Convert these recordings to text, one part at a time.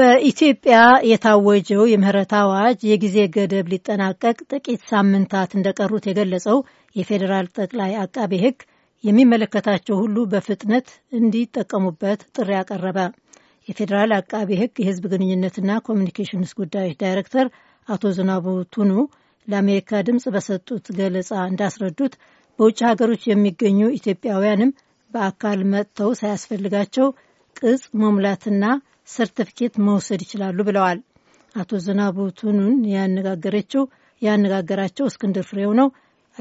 በኢትዮጵያ የታወጀው የምህረት አዋጅ የጊዜ ገደብ ሊጠናቀቅ ጥቂት ሳምንታት እንደቀሩት የገለጸው የፌዴራል ጠቅላይ አቃቤ ሕግ የሚመለከታቸው ሁሉ በፍጥነት እንዲጠቀሙበት ጥሪ አቀረበ። የፌዴራል አቃቤ ሕግ የህዝብ ግንኙነትና ኮሚኒኬሽንስ ጉዳዮች ዳይሬክተር አቶ ዝናቡ ቱኑ ለአሜሪካ ድምፅ በሰጡት ገለጻ እንዳስረዱት በውጭ ሀገሮች የሚገኙ ኢትዮጵያውያንም በአካል መጥተው ሳያስፈልጋቸው ቅጽ መሙላትና ሰርተፍኬት መውሰድ ይችላሉ ብለዋል። አቶ ዝናቡ ቱኑን ያነጋገረችው ያነጋገራቸው እስክንድር ፍሬው ነው።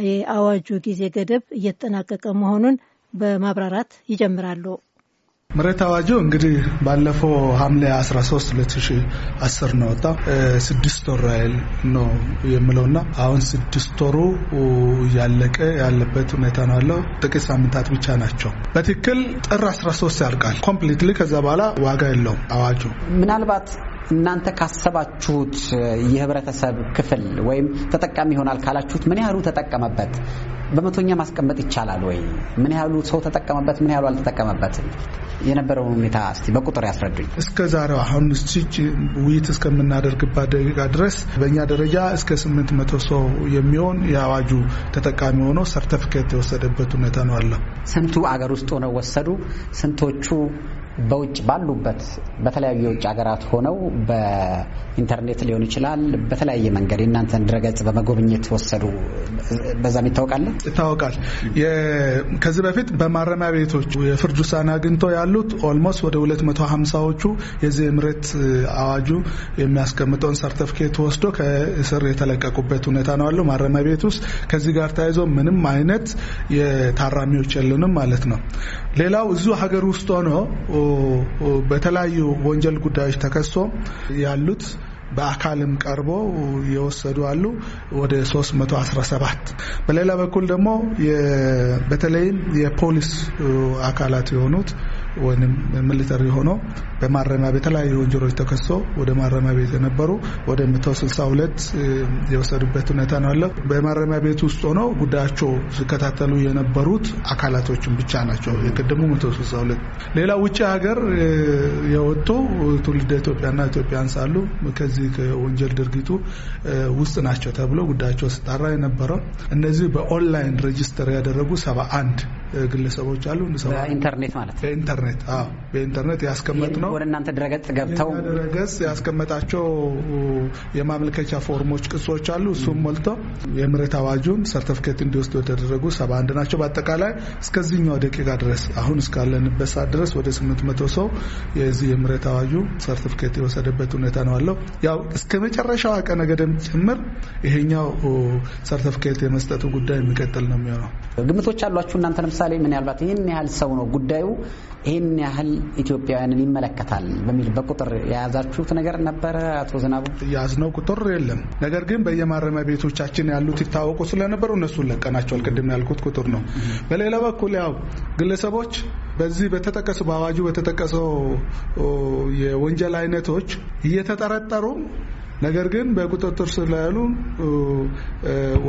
የአዋጁ ጊዜ ገደብ እየተጠናቀቀ መሆኑን በማብራራት ይጀምራሉ። ምህረት አዋጁ እንግዲህ ባለፈው ሐምሌ 13 2010 ነው ወጣ። ስድስት ወር ያህል ነው የምለውና አሁን ስድስት ወሩ እያለቀ ያለበት ሁኔታ ነው ያለው። ጥቂት ሳምንታት ብቻ ናቸው። በትክክል ጥር 13 ያልቃል ኮምፕሊትሊ። ከዛ በኋላ ዋጋ የለውም አዋጁ ምናልባት እናንተ ካሰባችሁት የህብረተሰብ ክፍል ወይም ተጠቃሚ ይሆናል ካላችሁት ምን ያህሉ ተጠቀመበት? በመቶኛ ማስቀመጥ ይቻላል ወይ? ምን ያህሉ ሰው ተጠቀመበት? ምን ያህሉ አልተጠቀመበትም? የነበረውን ሁኔታ እስቲ በቁጥር ያስረዱኝ። እስከ ዛሬው አሁን ስች ውይይት እስከምናደርግባት ደቂቃ ድረስ በእኛ ደረጃ እስከ ስምንት መቶ ሰው የሚሆን የአዋጁ ተጠቃሚ ሆኖ ሰርተፊኬት የወሰደበት ሁኔታ ነው አለ። ስንቱ አገር ውስጥ ሆነው ወሰዱ? ስንቶቹ በውጭ ባሉበት በተለያዩ የውጭ ሀገራት ሆነው በኢንተርኔት ሊሆን ይችላል፣ በተለያየ መንገድ የእናንተን ድረገጽ በመጎብኘት ወሰዱ። በዛም ይታወቃል ይታወቃል። ከዚህ በፊት በማረሚያ ቤቶች የፍርድ ውሳኔ አግኝተው ያሉት ኦልሞስት ወደ መቶ ሀምሳዎቹ የዚህ ምሬት አዋጁ የሚያስቀምጠውን ሰርተፍኬት ወስዶ ከእስር የተለቀቁበት ሁኔታ ነው ያለው ማረሚያ ቤት ውስጥ። ከዚህ ጋር ተያይዞ ምንም አይነት የታራሚዎች የለንም ማለት ነው። ሌላው እዚሁ ሀገር ውስጥ ሆኖ በተለያዩ ወንጀል ጉዳዮች ተከሶ ያሉት በአካልም ቀርቦ የወሰዱ አሉ ወደ 317 በሌላ በኩል ደግሞ በተለይም የፖሊስ አካላት የሆኑት ወይም ሚሊተሪ ሆኖ በማረሚያ ቤት ወንጀሎች ተከሶ ወደ ማረሚያ ቤት የነበሩ ወደ 162 የወሰዱበት ሁኔታ ነው ያለው። በማረሚያ ቤት ውስጥ ሆኖ ጉዳያቸው ሲከታተሉ የነበሩት አካላቶችን ብቻ ናቸው። የቀደሙ 162። ሌላ ውጭ ሀገር የወጡ ትውልደ ኢትዮጵያና ኢትዮጵያን ሳሉ ከዚህ ከወንጀል ድርጊቱ ውስጥ ናቸው ተብሎ ጉዳያቸው ሲጣራ የነበረው እነዚህ በኦንላይን ሬጅስተር ያደረጉ 71 ግለሰቦች አሉ። በኢንተርኔት ማለት በኢንተርኔት አዎ፣ በኢንተርኔት ያስቀመጥ ነው። ወደ እናንተ ድረገጽ ገብተው ድረገጽ ያስቀመጣቸው የማመልከቻ ፎርሞች ቅጾች አሉ። እሱም ሞልተው የምህረት አዋጁን ሰርተፍኬት እንዲወስዱ የተደረጉ ሰባ አንድ ናቸው። በአጠቃላይ እስከዚህኛው ደቂቃ ድረስ አሁን እስካለንበት ሰዓት ድረስ ወደ ስምንት መቶ ሰው የዚህ የምህረት አዋጁ ሰርቲፊኬት የወሰደበት ሁኔታ ነው አለው። ያው እስከ መጨረሻው ቀነ ገደም ጭምር ይሄኛው ሰርቲፊኬት የመስጠቱ ጉዳይ የሚቀጥል ነው የሚሆነው። ግምቶች አሏችሁ እናንተ ለምሳሌ ምናልባት ይህን ያህል ሰው ነው ጉዳዩ ይህን ያህል ኢትዮጵያውያንን ይመለከታል በሚል በቁጥር የያዛችሁት ነገር ነበረ? አቶ ዝናቡ ያዝነው ቁጥር የለም። ነገር ግን በየማረሚያ ቤቶቻችን ያሉት ይታወቁ ስለነበሩ እነሱን ለቀናቸዋል። ቅድም ያልኩት ቁጥር ነው። በሌላ በኩል ያው ግለሰቦች በዚህ በተጠቀሰው በአዋጁ በተጠቀሰው የወንጀል አይነቶች እየተጠረጠሩ ነገር ግን በቁጥጥር ስር ያሉ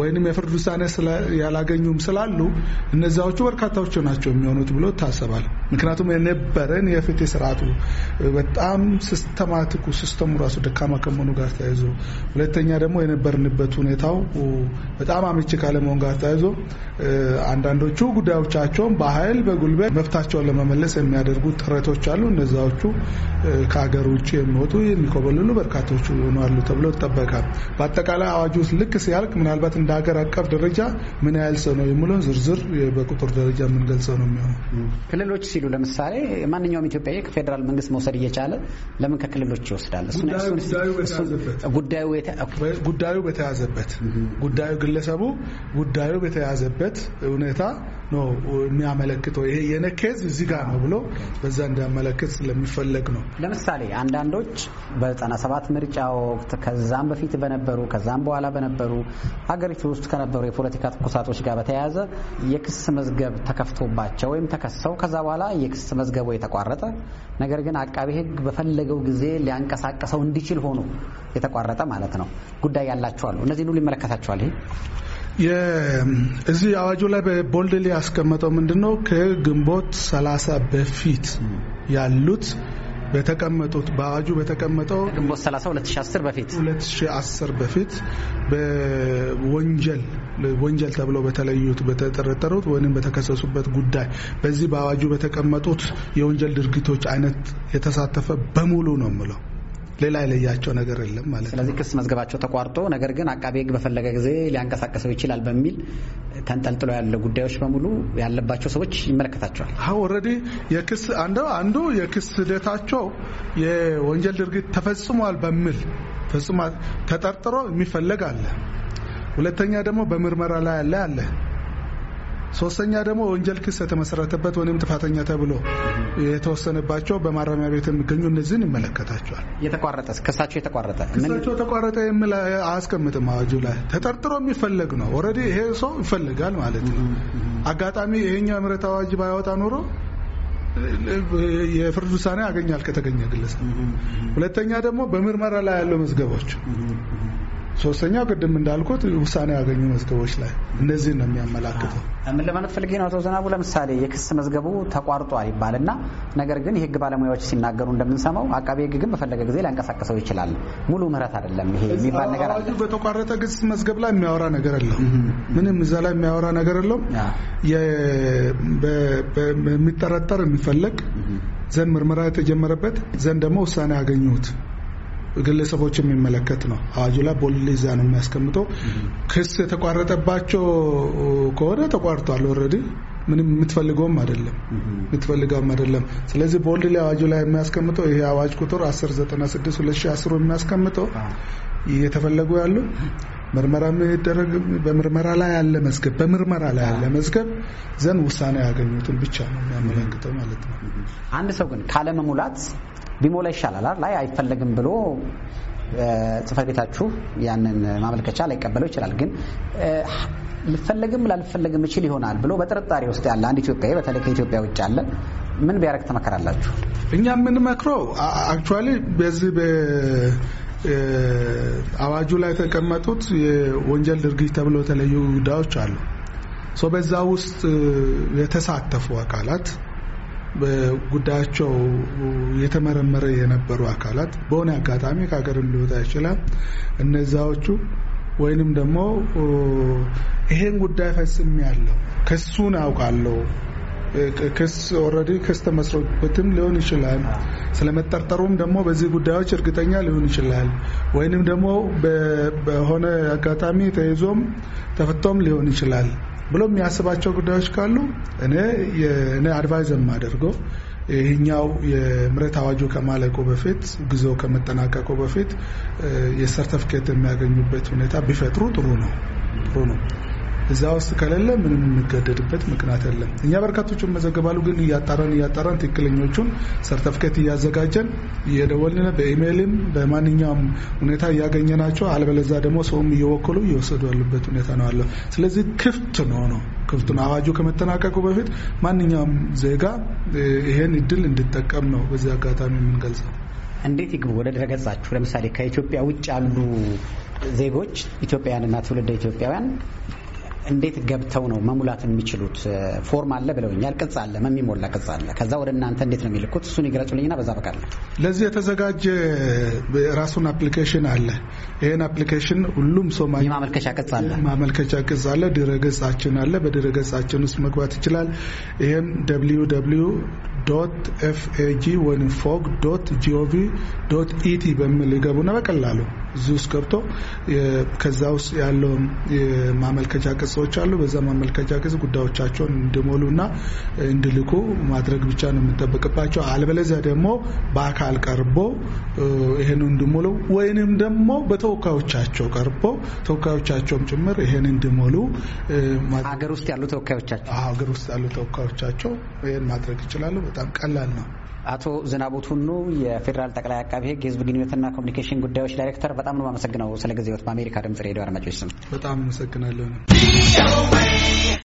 ወይንም የፍርድ ውሳኔ ያላገኙም ስላሉ እነዚያዎቹ በርካታዎቹ ናቸው የሚሆኑት ብሎ ይታሰባል። ምክንያቱም የነበረን የፍትህ ስርዓቱ በጣም ሲስተማቲኩ ሲስተሙ ራሱ ደካማ ከመሆኑ ጋር ተያይዞ፣ ሁለተኛ ደግሞ የነበርንበት ሁኔታው በጣም አመቺ ካለመሆን ጋር ተያይዞ አንዳንዶቹ ጉዳዮቻቸውን በኃይል በጉልበት መብታቸውን ለመመለስ የሚያደርጉ ጥረቶች አሉ። እነዚያዎቹ ከሀገር ውጭ የሚወጡ የሚኮበልሉ በርካቶቹ ይሆናሉ። ተብሎ ይጠበቃል። በአጠቃላይ አዋጁ ልክ ሲያልቅ ምናልባት እንደ ሀገር አቀፍ ደረጃ ምን ያህል ሰው ነው የሚለው ዝርዝር በቁጥር ደረጃ የምንገልጸው ነው የሚሆነው። ክልሎች ሲሉ ለምሳሌ ማንኛውም ኢትዮጵያዊ ከፌዴራል መንግስት መውሰድ እየቻለ ለምን ከክልሎች ይወስዳል? ጉዳዩ በተያዘበት ጉዳዩ ግለሰቡ ጉዳዩ በተያዘበት ሁኔታ ነው የሚያመለክተው። ይሄ የኔ እዚህ ጋር ነው ብሎ በዛ እንዲያመለክት ስለሚፈለግ ነው። ለምሳሌ አንዳንዶች በ97 ምርጫ ወቅት ከዛም በፊት በነበሩ ከዛም በኋላ በነበሩ ሀገሪቱ ውስጥ ከነበሩ የፖለቲካ ትኩሳቶች ጋር በተያያዘ የክስ መዝገብ ተከፍቶባቸው ወይም ተከሰው ከዛ በኋላ የክስ መዝገቡ የተቋረጠ ነገር ግን አቃቤ ሕግ በፈለገው ጊዜ ሊያንቀሳቀሰው እንዲችል ሆኖ የተቋረጠ ማለት ነው ጉዳይ ያላቸዋሉ። እነዚህን ሁሉ ይመለከታቸዋል ይሄ እዚህ አዋጁ ላይ በቦልድ ላይ ያስቀመጠው ምንድን ነው? ከግንቦት ሰላሳ በፊት ያሉት በተቀመጡት በአዋጁ በተቀመጠው ግንቦት 30 2010 በፊት 2010 በፊት በወንጀል ወንጀል ተብሎ በተለዩት በተጠረጠሩት ወይም በተከሰሱበት ጉዳይ በዚህ በአዋጁ በተቀመጡት የወንጀል ድርጊቶች አይነት የተሳተፈ በሙሉ ነው የምለው ሌላ የለያቸው ነገር የለም ማለት ነው። ስለዚህ ክስ መዝገባቸው ተቋርጦ ነገር ግን አቃቤ ሕግ በፈለገ ጊዜ ሊያንቀሳቀሰው ይችላል በሚል ተንጠልጥሎ ያለ ጉዳዮች በሙሉ ያለባቸው ሰዎች ይመለከታቸዋል። አሁ ኦልሬዲ የክስ አንዱ የክስ ሂደታቸው የወንጀል ድርጊት ተፈጽሟል በሚል ተጠርጥሮ የሚፈለግ አለ። ሁለተኛ ደግሞ በምርመራ ላይ ያለ አለ ሶስተኛ ደግሞ ወንጀል ክስ የተመሰረተበት ወይም ጥፋተኛ ተብሎ የተወሰነባቸው በማረሚያ ቤት የሚገኙ እነዚህን ይመለከታቸዋል። የተቋረጠ ክሳቸው የተቋረጠ ክሳቸው የተቋረጠ የሚል አያስቀምጥም አዋጁ ላይ። ተጠርጥሮ የሚፈለግ ነው። ኦልሬዲ ይሄ ሰው ይፈልጋል ማለት ነው። አጋጣሚ ይሄኛው የምህረት አዋጅ ባያወጣ ኖሮ የፍርድ ውሳኔ ያገኛል ከተገኘ ግለሰብ። ሁለተኛ ደግሞ በምርመራ ላይ ያለው መዝገቦች ሶስተኛው ቅድም እንዳልኩት ውሳኔ ያገኙ መዝገቦች ላይ እነዚህ ነው የሚያመላክተው። ምን ለማለት ፈልጌ ነው አቶ ዘናቡ፣ ለምሳሌ የክስ መዝገቡ ተቋርጧል ይባልና ነገር ግን የህግ ባለሙያዎች ሲናገሩ እንደምንሰማው አቃቤ ህግ ግን በፈለገ ጊዜ ሊያንቀሳቀሰው ይችላል። ሙሉ ምህረት አይደለም ይሄ የሚባል ነገር አለ። በተቋረጠ ክስ መዝገብ ላይ የሚያወራ ነገር የለም። ምንም እዛ ላይ የሚያወራ ነገር የለም። የሚጠረጠር የሚፈለግ ዘንድ ምርመራ የተጀመረበት ዘንድ ደግሞ ውሳኔ ያገኙት ግለሰቦች የሚመለከት ነው። አዋጁ ላይ ቦሊዛ ነው የሚያስቀምጠው። ክስ የተቋረጠባቸው ከሆነ ተቋርጧል ኦልሬዲ ምንም የምትፈልገውም አይደለም የምትፈልገውም አይደለም። ስለዚህ ቦልድ ላይ አዋጁ ላይ የሚያስቀምጠው ይሄ አዋጅ ቁጥር 1096 2010 የሚያስቀምጠው እየተፈለጉ ያሉ ምርመራም ነው ይደረግ በምርመራ ላይ ያለ መዝገብ በምርመራ ላይ ያለ መዝገብ ዘንድ ውሳኔ ያገኙትን ብቻ ነው የሚያመለክተው ማለት ነው። አንድ ሰው ግን ካለመሙላት ቢሞላ ይሻላል ላይ አይፈለግም ብሎ ጽፈት ቤታችሁ ያንን ማመልከቻ ላይቀበለው ይችላል። ግን ልፈለግም ላልፈለግም እችል ይሆናል ብሎ በጥርጣሬ ውስጥ ያለ አንድ ኢትዮጵያዊ በተለይ ከኢትዮጵያ ውጭ አለ ምን ቢያደርግ ትመከራላችሁ? እኛ የምንመክረው አክቹዋሊ በዚህ አዋጁ ላይ የተቀመጡት የወንጀል ድርጊት ተብሎ የተለዩ ጉዳዮች አሉ። በዛ ውስጥ የተሳተፉ አካላት በጉዳያቸው የተመረመረ የነበሩ አካላት በሆነ አጋጣሚ ከሀገርም ሊወጣ ይችላል። እነዛዎቹ ወይንም ደግሞ ይሄን ጉዳይ ያለው ክሱን አውቃለሁ ክስ ኦልሬዲ ክስ ተመስሮበትም ሊሆን ይችላል። ስለመጠርጠሩም ደግሞ በዚህ ጉዳዮች እርግጠኛ ሊሆን ይችላል። ወይንም ደግሞ በሆነ አጋጣሚ ተይዞም ተፈቶም ሊሆን ይችላል ብሎ የሚያስባቸው ጉዳዮች ካሉ እኔ እኔ አድቫይዝ የማደርገው ይህኛው የምረት አዋጁ ከማለቁ በፊት ጊዜው ከመጠናቀቁ በፊት የሰርተፍኬት የሚያገኙበት ሁኔታ ቢፈጥሩ ጥሩ ነው ጥሩ ነው። እዛ ውስጥ ከሌለ ምንም የምንገደድበት ምክንያት የለም። እኛ በርካቶቹን መዘገባሉ፣ ግን እያጣራን እያጣራን ትክክለኞቹን ሰርተፍኬት እያዘጋጀን እየደወልን በኢሜይልም በማንኛውም ሁኔታ እያገኘ ናቸው አለበለዛ ደግሞ ሰውም እየወከሉ እየወሰዱ ያሉበት ሁኔታ ነው አለ። ስለዚህ ክፍት ነው ነው ክፍቱን አዋጁ ከመጠናቀቁ በፊት ማንኛውም ዜጋ ይሄን እድል እንዲጠቀም ነው በዚህ አጋጣሚ የምንገልጸው። እንዴት ይግቡ ወደ ድረገጻችሁ? ለምሳሌ ከኢትዮጵያ ውጭ ያሉ ዜጎች ኢትዮጵያውያንና ትውልደ ኢትዮጵያውያን እንዴት ገብተው ነው መሙላት የሚችሉት? ፎርም አለ ብለውኛል። ቅጽ አለ፣ የሚሞላ ቅጽ አለ። ከዛ ወደ እናንተ እንዴት ነው የሚልኩት? እሱን ይግለጹልኝና በዛ በቃል ለዚህ የተዘጋጀ ራሱን አፕሊኬሽን አለ። ይህን አፕሊኬሽን ሁሉም ሰው የማመልከቻ ቅጽ አለ፣ ማመልከቻ ቅጽ አለ፣ ድረ ገጻችን አለ። በድረ ገጻችን ውስጥ መግባት ይችላል። ይህም ደብሊዩ ደብሊዩ ዶት ኤፍኤጂ ወይም ፎግ ዶት ጂኦቪ ዶት ኢቲ በሚል ይገቡና በቀላሉ እዚህ ውስጥ ገብቶ ከዛ ውስጥ ያለውን ማመልከቻ ቅጾች አሉ። በዛ ማመልከቻ ቅጽ ጉዳዮቻቸውን እንድሞሉ እና እንዲልኩ ማድረግ ብቻ ነው የምንጠበቅባቸው። አለበለዚያ ደግሞ በአካል ቀርቦ ይሄን እንድሞሉ ወይንም ደግሞ በተወካዮቻቸው ቀርቦ ተወካዮቻቸውም ጭምር ይሄን እንዲሞሉ ሀገር ውስጥ ያሉ ተወካዮቻቸው ሀገር ውስጥ ያሉ ተወካዮቻቸው ይሄን ማድረግ ይችላሉ። በጣም ቀላል ነው። አቶ ዝናቡት ሁኑ የፌዴራል ጠቅላይ አቃቢ ህግ የህዝብ ግንኙነትና ኮሚኒኬሽን ጉዳዮች ዳይሬክተር፣ በጣም ነው የማመሰግነው ስለ ጊዜዎት። በአሜሪካ ድምጽ ሬዲዮ አድማጮች ስም በጣም አመሰግናለሁ።